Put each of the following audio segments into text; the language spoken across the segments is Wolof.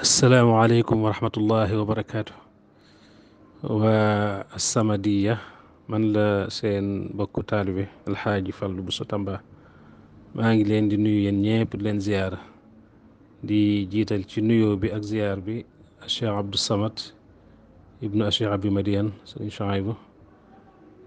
asalaamaaleykum wa rahmatullahi wa barakaatu waa As-Samadiyya man la seen bokku taalibe alxaaji Fallu Buso Tamba maa ngi leen di nuyu yéen ñëpp di leen ziyaara di jiital ci nuyoo bi ak ziyaar bi Cheikh Abdou Samad ibnu Cheikh Abi Madiane sëriñ Chouaïbou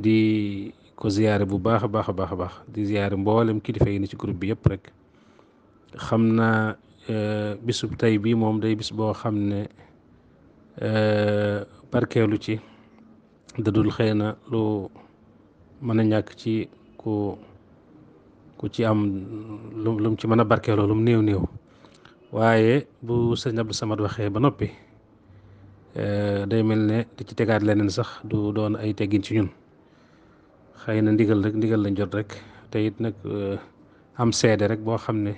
di ko ziyaare bu baax a baax a baax a baax di ziyaare mboolem kilifa yi ne ci groupe bi yëpp rek xam naa Eh, bisu tey bii moom day bis boo xam ne eh, barkeelu ci dadul xëy na lu mën a ñàkk ci ku ku ci am lu mu ci mën a barkeeloo lu mu néew néew waaye bu sëñ Abdou Samad waxee ba noppi eh, day mel ne di ci tegaat leneen sax du doon ay teggin ci ñun xëy na ndigal rek ndigal lañ jot rek te it nag am seede rek boo xam ne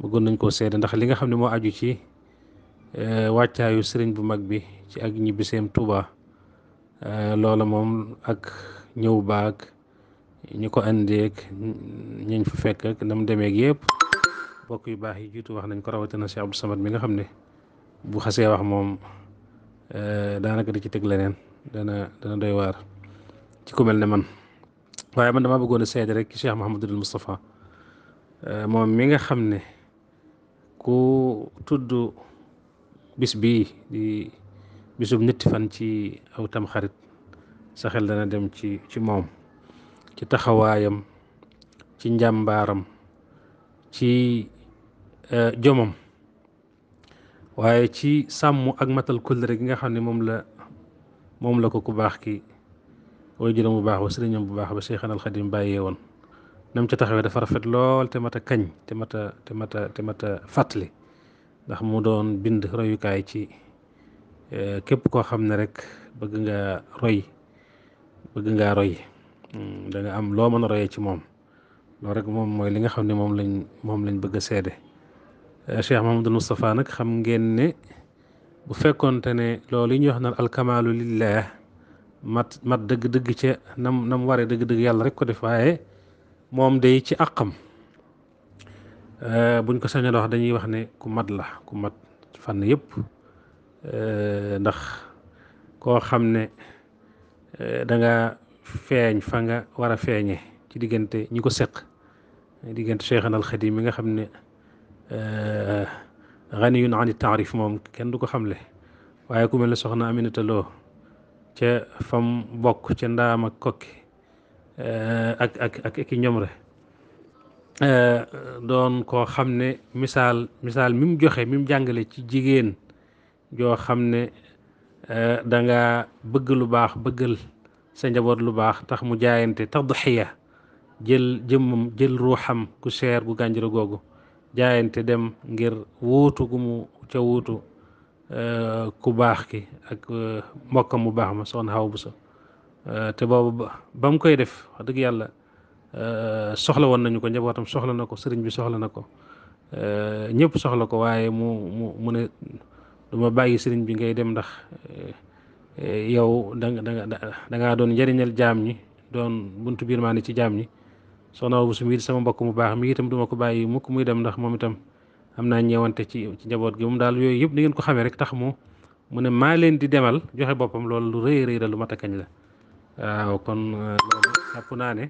bëggoon nañ koo seede ndax li nga xam ne moo aju ci eh, wàccaayu sëriñ bu mag bi ci ak ñibbiseem Touba eh, loola moom ak ñëw baag ñu ko àndeeg ñuñ fu fekk ak nam demeeg yépp bokk yu baax yi jiitu wax nañ ko rawatina Cheikh Abdou Samad nga xam ne bu xasee wax moom eh, daanaka di ci teg leneen dana dana doy waar ci ku mel ne man waaye man dama bëggoon a seede rek ci Cheikh moom mi nga xam ne ku tudd bis bii di bisub ñetti fan ci aw tamxarit sa xel dana dem ci ci moom ci taxawaayam ci njàmbaaram ci e, jomam waaye ci sàmm ak matal kóllëre ki nga xam ne moom la moom la ko ku baax ki way jëlam bu baax ba sëriñam bu baax ba Seexanal Xadim bàyyee woon nam ca taxawee dafa rafet lool te mat a kañ te mat a te mat a te mat a fàttali ndax mu doon bind royukaay ci e, képp koo xam ne rek bëgg nga roy bëgg ngaa roy hmm, da am loo mën a royee ci moom loolu rek moom mooy li nga xam ne moom lañ moom lañ bëgg a seede e, Cheikh Mahamadul Moustapha nag xam ngeen ne bu fekkoonte ne loolu yi ñuy wax naan alkamaalu lillah mat mat dëgg-dëgg ca nam nam waree dëgg-dëgg yàlla rek ko def waaye moom day ci àqam eh, buñ ko sañoon wax dañuy wax ne ku mat la ku mat fànn yëpp eh, ndax koo xam ne eh, danga feeñ fa nga war a feeñe ci diggante ñi ko seq diggante Cheikh al Xadim mi nga xam ne yu naxam ani taarif moom kenn du ko xamle waaye ku mel ne soxna Aminata ca fam bokk ca ndaam ak Eh, ak ak ak ki ñoom rek eh, doon koo xam ne misaal misaal mi mu joxe mi mu jàngale ci jigéen joo xam ne eh, da nga bëgg lu baax bëggal sa njaboot lu baax tax mu jaayante tax duxiya jël jëmmam jël ruuxam gu seer gu gànjara googu jaayante dem ngir wuutu gu mu ca wuutu ku baax ki ak mbokkam mu baax ma soxna xaw bu sa Euh, te boobu ba mu koy def wax dëgg yàlla euh, soxla woon nañu ko njabootam soxla na ko sëriñ bi soxla na ko euh, ñëpp soxla ko waaye mu mu mu ne duma bàyyi sëriñ bi ngay dem ndax yow danga nga da doon njëriñal jaam ñi doon buntu biir maa ne ci jaam ñi soxna bu sumi sama mbokk mu baax mi itam duma ko bàyyi mukk muy dem ndax moom itam am naa ñeewante ci ci njaboot gi moom daal yooyu yëpp ni ngeen ko xamee rek tax mu mu ne maa leen di demal joxe boppam loolu lu rëy rëy lu mat a la waaw euh, kon euh, loolu jàpp naa ne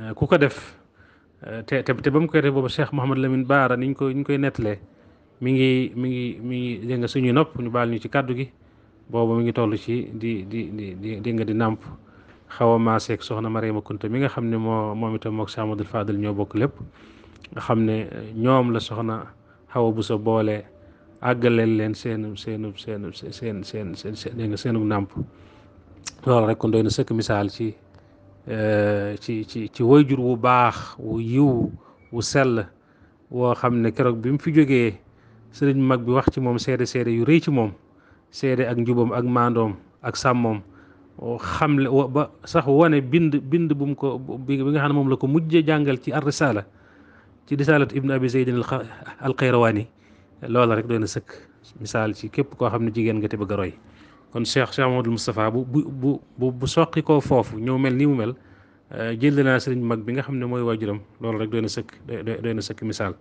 euh, ku ko def te te te ba mu koy def boobu Cheikh Mouhamad Lamine Baara niñ ko niñ koy nettalee mi ngi mi ngi mi ngi dégg nga nopp ñu baal ñu ci kàddu gi boobu mi ngi toll ci di di di di dégg nga di nàmp xaw a maaseeg soxna Mariama Kunta mi nga xam ne moo moom itam moog Cheikh Amadou ñoo bokk lépp nga xam ne ñoom la soxna xawa a bu sa boole àggaleel leen seen seenu seen seen seen seen seenub nàmp loolu rek kon doy na sëkk misaal ci euh, ci ci ci wayjur wu baax wu yiw wu sell woo xam ne keroog bi mu fi jógee sëriñ mag bi wax ci moom seede seede yu rëy ci moom seede ak njuboom ak maandoom ak sàmmoom xamle ba sax wane bind bind bu mu ko bi nga xam ne moom la ko mujjee jàngal ci ar risala ci risalat ibnu abi zeydin al xayrawaani loola rek doy na sëkk misaal ci képp koo xam ne jigéen nga te bëgg a kon Cheikh Cheikh Mamadou Moustapha bu bu bu bu soqi koo foofu ñëw mel nii mu mel euh, jël naa sëriñ mag bi nga xam ne mooy waajuram loolu rek doy na sëkk doy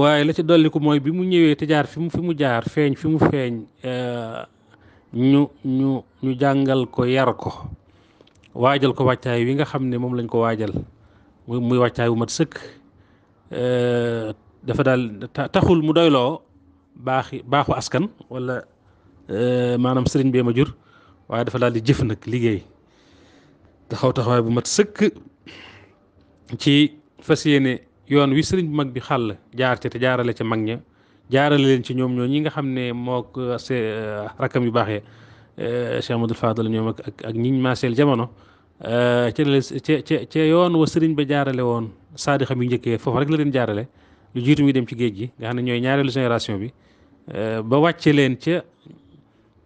waaye la ci dolliku mooy bi mu ñëwee te jaar fi mu fi mu jaar feeñ fi mu feeñ euh, ñu ñu jàngal ko yar ko waajal ko wàccaay wi nga xam ne moom lañ ko waajal muy muy wàccaay wu mat sëkk euh, dafa daal taxul mu doyloo baaxi baaxu askan wala euh, maanaam sëriñ bee ma jur waaye dafa daal di jëf nag liggéey taxaw taxawaay bu mat sëkk ci fas yéene yoon wi sëriñ bu mag bi xàll jaar ca te jaarale ca mag ña jaarale leen ci ñoom ñoo ñi nga xam ne mook euh, euh, rakkam yu baaxee Cheikh Amadou Fadal ñoom ak ak ñiñ maaseel jamono ca ca ca yoon wa sëriñ ba jaarale woon saadi xam yu njëkkee foofu rek la leen jaarale lu jiitu mi dem ci géej gi nga xam ne ñooy ñaareelu génération bi euh, ba wàccee leen ca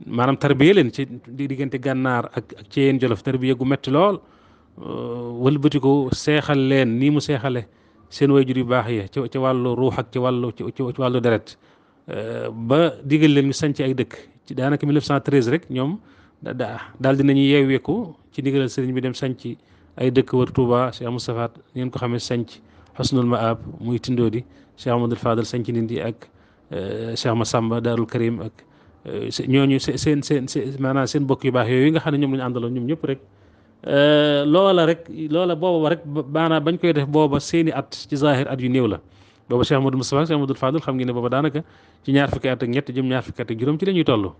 maanaam tarbiye leen ci diggante gànnaar ak ak ci yéen jolof tarbiye gu metti lool euh, wëlbati ko seexal leen nii mu seexale seen way jur yu baax yi ca ci wàllu ruux ak ci wàllu ci wàllu deret euh, ba digal leen ñu sanc ay dëkk ci daanaka 1913 rek ñoom daal dinañu yeeweeku ci digalal sëriñ bi dem sanc ay dëkk tuuba Touba Cheikh Moustapha ngeen ko xamee sañc xusnul maab muy Tindodi Cheikh Amadou Fadal sanc Ndindi ak eh, Cheikh Massamba Darul Karim ak eh, ñooñu seen seen seen maanaam seen bokk yu baax yooyu nga xam ne ñoom la ñu àndaloon ñoom ñëpp rek eh, loola rek loola booba rek maanaam bañ koy def booba seeni at ci zahir at yu néew la booba Cheikh Amadou Moustapha Cheikh Amadou Fadal xam ngeen ne booba daanaka ci ñaar fukki at ak ñett juróom ci la ñuy toll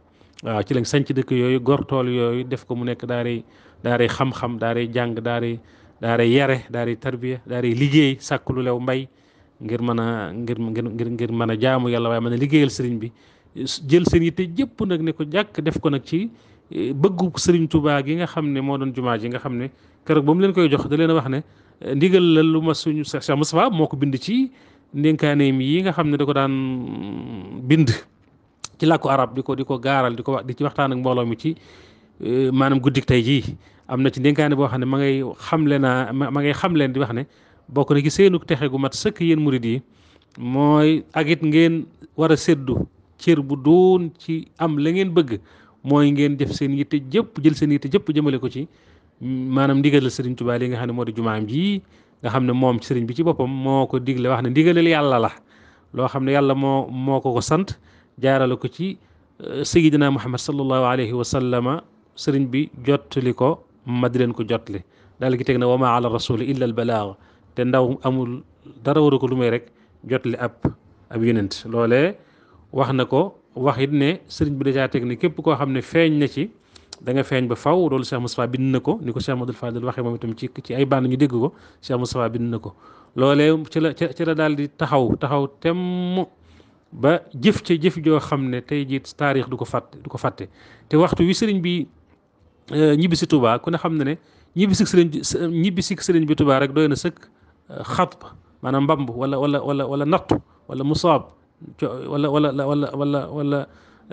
waaw ci lañ sanc dëkk yooyu gor tool yooyu def ko mu nekk daaray daaray xam-xam daaray jàng daaray daara yare daara tarbiya daara liggéey sàkk lu lew mbay ngir mën a ngir ngir ngir mën a jaamu yàlla waaye mën a liggéeyal sëriñ bi jël seen yitte jëpp nag ne ko jàkk def ko nag ci eh, bëggu sëriñ tubaa gi nga xam ne moo doon jumaa ji nga xam ne keroog ba mu leen koy jox da leen wax ne eh, ndigal la lu ma suñu Cheikh Moustapha moo ko bind ci ndénkaaneem yi nga xam ne da ko daan mm, bind ci làkku arab di ko di ko gaaral di ko wax di ci waxtaan ak mbooloo mi ci eh, maanaam guddik tey jii am na ci ndénkaane boo xam ne ma ngay xamle naa ma ngay xam leen di wax ne bokk na ci seenu texe gu mat sëkk yéen murid yi mooy ak it ngeen war a séddu cër bu doon ci am la ngeen bëgg mooy ngeen def seen yitte jëpp jël seen yitte jëpp jëmale ko ci maanaam ndigalal sëriñ Tuubaa li nga xam ne moo di jumaam ji nga xam ne moom sëriñ bi ci boppam moo ko digle wax ne ndigalal yàlla la loo xam ne yàlla moo moo ko ko sant jaarale ko ci euh, sayidina muhammad sallallahu alayhi wa sallama sëriñ bi jottali ko ma di ko jotli daal gi teg na wa ma ala rasuli illa al te ndaw amul dara waru ko lu may rek jotli ab ab yonent loolee wax na ko wax it ne sëriñ bi dèjà teg ne képp koo xam ne feeñ na ci da nga feeñ ba faw loolu Cheikh Moustapha bind na ko ni ko Cheikh Modou Fadel waxee moom itam ci ci ay bànn ñu dégg ko Cheikh Moustapha bind na ko loole ci la ci la daal di taxaw taxaw temm ba jëf ca jëf joo xam ne tey jii taarix du ko fàtte du ko fàtte te waxtu wi sëriñ bi Euh, ñibbi si Touba ku ne xam na ne ñibbi si sëriñ ñibbi si sëriñ bi Touba rek doy na sëkk euh, xatb maanaam mbamb wala wala wala wala nattu wala musaab wala wala wala wala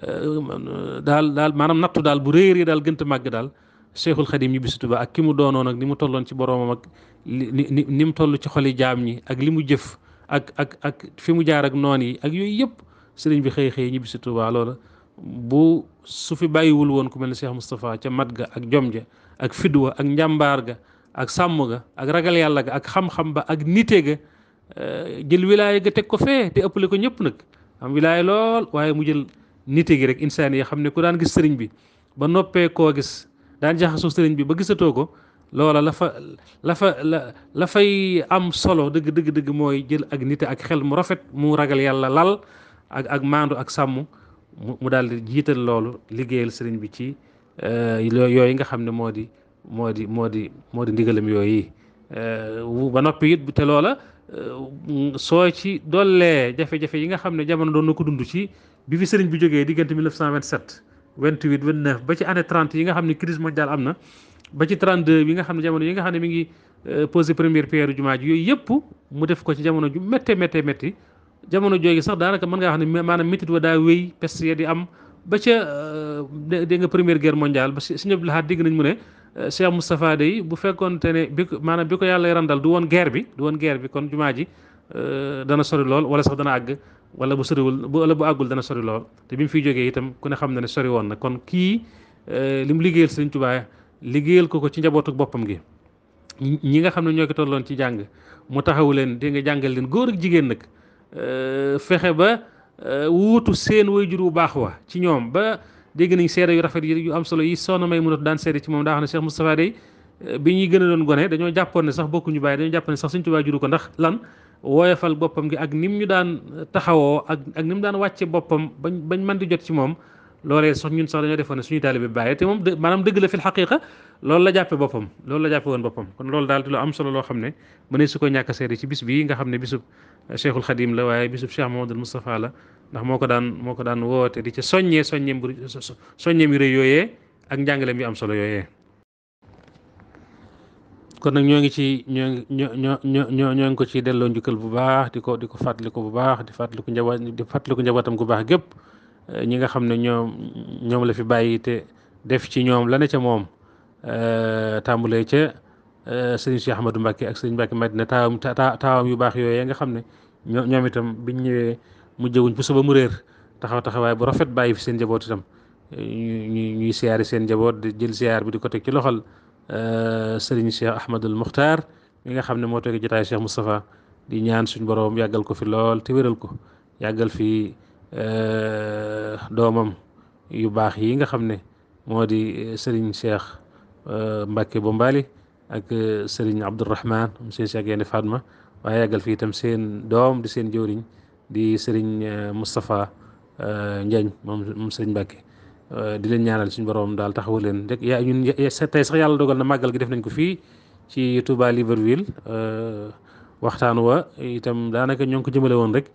euh, wala daal daal maanaam nattu daal bu réer daal gënt màgg daal Cheikhul Khadim ñibbi si Touba ak ki mu doonoon ak ni mu tolloon ci boroomam ak ni mu toll ci xoli jaam ñi ak li mu jëf ak ak fi mu jaar ak noon yi ak yooyu yëpp sëriñ bi xëy xëy ñibbi si Touba loola su fi bàyyiwul woon ku mel ne Cheikh Moustapha ca mat ga ak jom ja ak fidwa ak njàmbaar ga ak sàmm ga ak ragal yàlla ga ak xam-xam ba ak nite ga eh, jël wilaaya ga teg ko fee te ëppale ko ñëpp nag am wilaaya lool waaye mu jël nite gi rek insaan yi xam ne ku daan gis sëriñ bi ba noppee koo gis daan jaxasoo sëriñ bi ba gisatoo ko loola la fa la la la am solo dëgg dëgg dëgg mooy jël ak nite ak xel mu rafet mu ragal yàlla lal ak ak maandu ak sàmm mu daal di jiital loolu liggéeyal sëriñ bi ci eh, yooyu nga xam ne moo di moo di moo di moo di ndigalam yooyu eh, ba noppi it te loola eh, soo ci dollee jafe-jafe yi nga xam ne jamono doon na ko dund ci bi fi sëriñ bi jógee diggante 1927 28 29 ba ci année 30 yi nga xam ne crise mondiale am na ba ci 32 yi nga xam ne jamono yi nga xam ne mi ngi posé première pierre jumaa ji yooyu yëpp mu def ko ci jamono ju méttee méttee métti jamono jooju sax daanaka mën ngaa wax ne maanaam métit wa daa wéy peste ya di am ba ca euh, dégg nga première guerre mondiale ba si ñëpp laxaat dégg nañ mu ne euh, Cheikh Moustapha day bu fekkoon fekkoonte ne bi maanaam bi ko yàlla randal du woon guerre bi woon guerre bi kon jumaa ji euh, dana sori lool wala sax dana àgg wala bu soriwul bu bu àggul dana sori lool te bi mu fiy jógee itam ku ne xam na ne sori woon na kon kii li mu liggéeyal Sëriñ Tuubaa liggéeyal ko ko ci njabootu boppam gi ñi nga xam ne ñoo ko tolloon ci jàng mu taxawu leen di nga jàngal leen góor ak jigéen nag Euh, fexe ba euh, wuutu seen jur bu baax wa ci ñoom ba dégg nañ seede yu rafet yu am solo yi soxna may mënatu daan seede ci moom daa xam ne Cheikh Moustapha day euh, bi ñuy gën a doon gone dañoo jàppoon ne sax bokkuñu bàyyi dañoo jàppoon ne sax suñ tubaa juru ko ndax lan woyofal boppam gi ak nim ñu daan taxawoo ak ak nim daan wàcce boppam bañ bañ mën di jot ci moom loole sax ñun sax dañoo defoon ne suñu taalibe bàyyi te moom maanaam dëgg la fil xaqiqa jàppe boppam loolu la jàppe woon boppam kon loolu daal di solo loo xam ne mënees su ko ñàkk a seede bis bii nga xam ne bisub euh, cheikhul xadim la waaye bisub cheikh mahamadul moustapha la ndax moo ko daan moo ko daan woote di ci soññee soññeem bu soññeem yu rëy yooyee ak njàngaleem yu am solo yooyee kon nag ñoo ngi ci ñoo ñoo ñoo ñoo ñoo ngi ko ci delloo njukkal bu baax di ko di ko fàttaliku bu baax di fàttaliku njaboot di fàttaliku njabootam gu baax gépp ñi nga xam ne ñoom ñoom la fi bàyyi te def ci ñoom la ne ca moom euh, tàmbulee ca euh, sëriñ si Ahmadou Mbacke ak sëriñ Mbacke Madina taawam taawam yu baax yooyu nga xam ne ñoom ñoom itam biñ ñëwee mujjewuñ puso ba mu réer taxaw taxawaay bu rafet bàyyi fi seen njaboot itam ñu ñuy siyaari seen njaboot di jël siyaar bi di ko teg ci loxol euh, sëriñ Cheikh Ahmadul Muxtaar ñi nga xam ne moo toogee jotaay Cheikh Moustapha di ñaan suñ boroom yàggal ko fi lool te wéral ko yàggal fi Eh, doomam yu baax yi nga xam ne moo di eh, Serigne mbake eh, Mbacke Bombali ak Serigne Abdourahman Serigne Cheikh Gaïndé Fatma waaye yàggal fii itam seen doom di seen jëwriñ di Serigne Moustapha Ndiagne moom Serigne Mbacke di leen ñaanal suñu borom daal taxawu leen rek yaa ñun tey sax yàlla dogal na màggal gi def nañ ko fii ci Touba Libreville waxtaan wa itam daanaka ñoo ngi ko jëmale woon rek.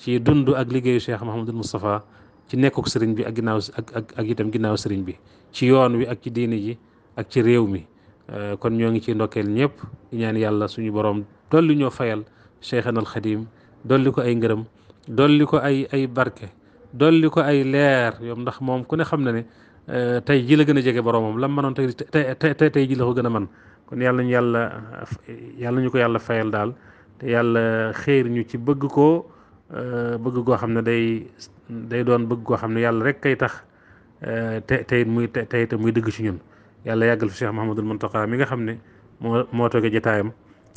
ci dund ak liggéeyu Cheikh Mouhamadul Moustapha ci nekkuk sëriñ bi ak ginnaaw ak ak ak itam ginnaaw sëriñ bi ci yoon wi ak ci diini ji ak ci réew mi euh, kon ñoo ngi ci ndokkeel ñëpp di ñaan yàlla suñu borom dolli ñoo fayal Cheikhanal Xadim dolli ko ay ngërëm dolli ko ay ay barke li ko ay leer yoom ndax moom ku ne xam ne ne euh, tey ji la gën a jege boromam lam mënoon tey tey tey tey ji la ko gën a man kon yàlla ñu yàlla yàlla ñu ko yàlla fayal daal te yàlla xéer ñu ci bëgg ko Euh, bëgg goo xam ne day day doon bëgg goo xam ne yàlla rek kay tax euh, te tey muy tey muy dëgg ci ñun yàlla yàggal fi Cheikh Mouhamadul Mountakha mi nga xam ne moo moo toogee jotaayam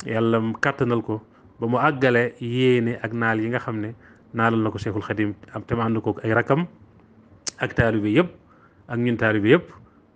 yàlla kàttanal ko ba mu àggale yéene ak naal yi nga xam ne naalal na ko Cheikhul Khadim am te mu ànd ko ay rakam ak taalibe yëpp ak ñun taalibe yëpp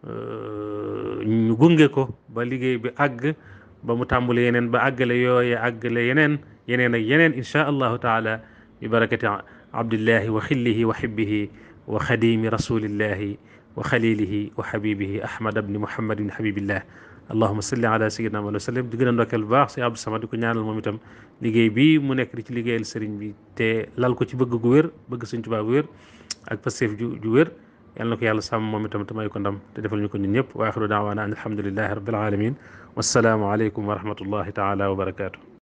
euh, ñu gunge ko ba liggéey bi àgg ba mu tàmbali yeneen ba àggale yooye àggale yeneen yeneen ak yeneen incha allahu taala. bi barakati abdillahi wa xillihi wa xibbihi wa xadimi rasulillahi wa xalilihi wa xabibihi ahmad abni muhammad ibni habibillah allahuma salli ala sayyidina muhammad wa sallam di gën a ndokkeel bu baax si Abdou Samad di ko ñaanal moom itam liggéey bii mu nekk di ci liggéeyal sëriñ bi te lal ko ci bëgg gu wér bëgg sëriñ Tuubaa gu wér ak pasteef ju ju wér yàlla na ko yàlla sàmm moom itam te may ko ndam te defal ñu ko ñun ñëpp wa axiru daawaana an alhamdulillahi rabbil alamin wassalaamu aleykum wa rahmatullahi taala wa barakatuh